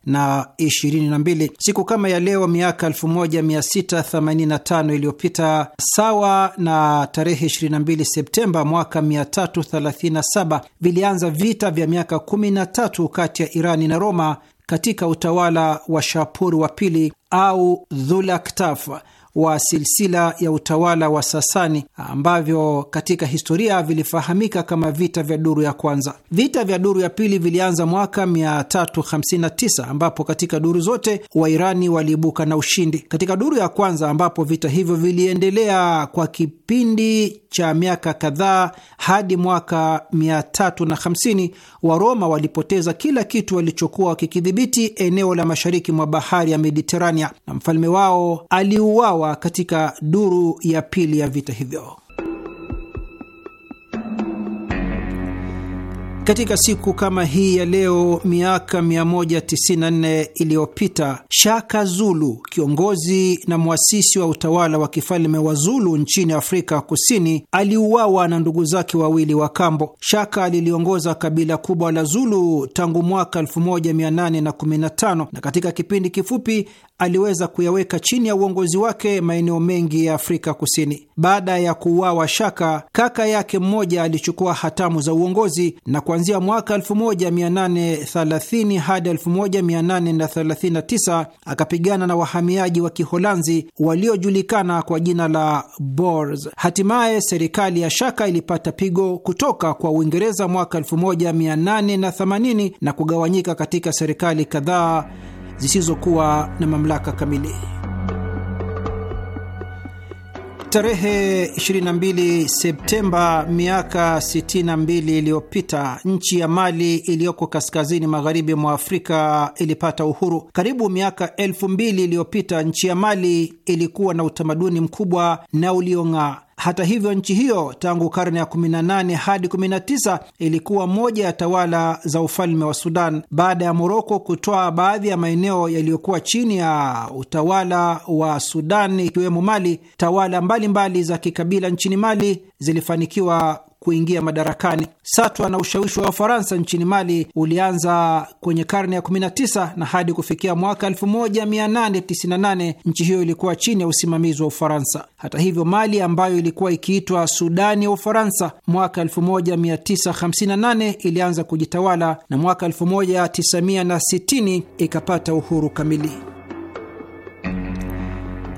na 22. Siku kama ya leo miaka 1685 iliyopita, sawa na tarehe 22 Septemba mwaka 337, vilianza vita vya miaka 13 kati ya Irani na Roma katika utawala wa Shapur wa pili au Dhulaktaf wa silsila ya utawala wa Sasani ambavyo katika historia vilifahamika kama vita vya duru ya kwanza. Vita vya duru ya pili vilianza mwaka 359 ambapo katika duru zote Wairani waliibuka na ushindi. Katika duru ya kwanza, ambapo vita hivyo viliendelea kwa kipindi cha miaka kadhaa hadi mwaka 350, Waroma walipoteza kila kitu walichokuwa wakikidhibiti eneo la mashariki mwa bahari ya Mediterania na mfalme wao aliuawa sawa katika duru ya pili ya vita hivyo. Katika siku kama hii ya leo miaka 194 iliyopita Shaka Zulu, kiongozi na mwasisi wa utawala wa kifalme wa Zulu nchini Afrika Kusini, aliuawa na ndugu zake wawili wa kambo. Shaka aliliongoza kabila kubwa la Zulu tangu mwaka 1815 na katika kipindi kifupi aliweza kuyaweka chini ya uongozi wake maeneo mengi ya Afrika Kusini. Baada ya kuuawa Shaka, kaka yake mmoja alichukua hatamu za uongozi na kuanzia mwaka 1830 hadi 1839 akapigana na wahamiaji wa Kiholanzi waliojulikana kwa jina la Boers. Hatimaye serikali ya Shaka ilipata pigo kutoka kwa Uingereza mwaka 1880 na kugawanyika katika serikali kadhaa zisizokuwa na mamlaka kamili. Tarehe 22 Septemba miaka 62 iliyopita nchi ya Mali iliyoko kaskazini magharibi mwa Afrika ilipata uhuru. Karibu miaka elfu mbili iliyopita nchi ya Mali ilikuwa na utamaduni mkubwa na uliong'aa hata hivyo, nchi hiyo tangu karne ya 18 hadi 19 ilikuwa moja ya tawala za ufalme wa Sudan baada ya Moroko kutoa baadhi ya maeneo yaliyokuwa chini ya utawala wa Sudan, ikiwemo Mali. Tawala mbalimbali mbali za kikabila nchini Mali zilifanikiwa kuingia madarakani. Satwa na ushawishi wa ufaransa nchini Mali ulianza kwenye karne ya 19 na hadi kufikia mwaka 1898 nchi hiyo ilikuwa chini ya usimamizi wa Ufaransa. Hata hivyo, Mali ambayo ilikuwa ikiitwa Sudani ya Ufaransa mwaka 1958 ilianza kujitawala na mwaka 1960 ikapata uhuru kamili.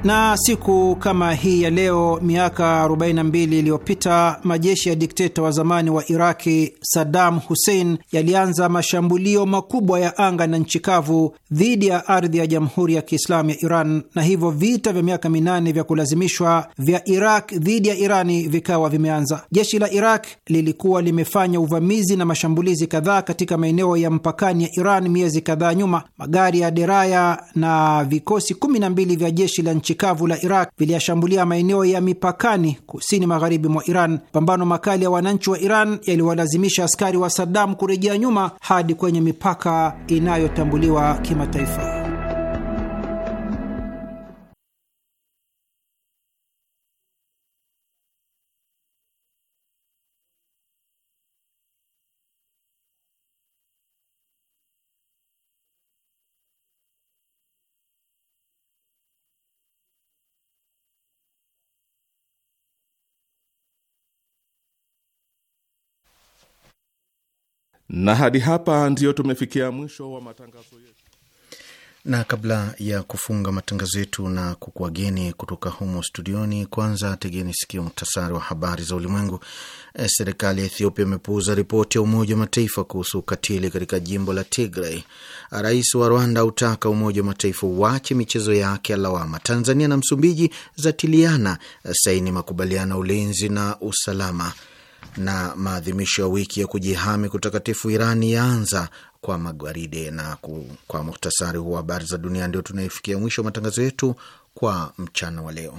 Na siku kama hii ya leo miaka 42 iliyopita majeshi ya dikteta wa zamani wa Iraki Saddam Hussein yalianza mashambulio makubwa ya anga na nchi kavu dhidi ya ardhi ya Jamhuri ya Kiislamu ya Iran, na hivyo vita vya miaka minane vya kulazimishwa vya Iraq dhidi ya Irani vikawa vimeanza. Jeshi la Iraq lilikuwa limefanya uvamizi na mashambulizi kadhaa katika maeneo ya mpakani ya Iran miezi kadhaa nyuma. Magari ya deraya na vikosi 12 vya jeshi la nchi nchi kavu la Iraq viliyashambulia maeneo ya mipakani kusini magharibi mwa Iran. Pambano makali ya wananchi wa Iran yaliwalazimisha askari wa Saddam kurejea nyuma hadi kwenye mipaka inayotambuliwa kimataifa. Na hadi hapa ndiyo tumefikia mwisho wa matangazo yetu na kabla ya kufunga matangazo yetu na kukuageni kutoka humo studioni, kwanza tegeni sikio muhtasari wa habari za ulimwengu. Eh, serikali ya Ethiopia imepuuza ripoti ya Umoja wa Mataifa kuhusu ukatili katika jimbo la Tigray. Rais wa Rwanda autaka Umoja wa Mataifa uache michezo yake ya lawama. Tanzania na Msumbiji zatiliana eh, saini makubaliano ya ulinzi na usalama na maadhimisho ya wiki ya kujihami kutakatifu Irani yaanza kwa magwaride. Na kwa muhtasari huu wa habari za dunia, ndio tunaifikia mwisho wa matangazo yetu kwa mchana wa leo.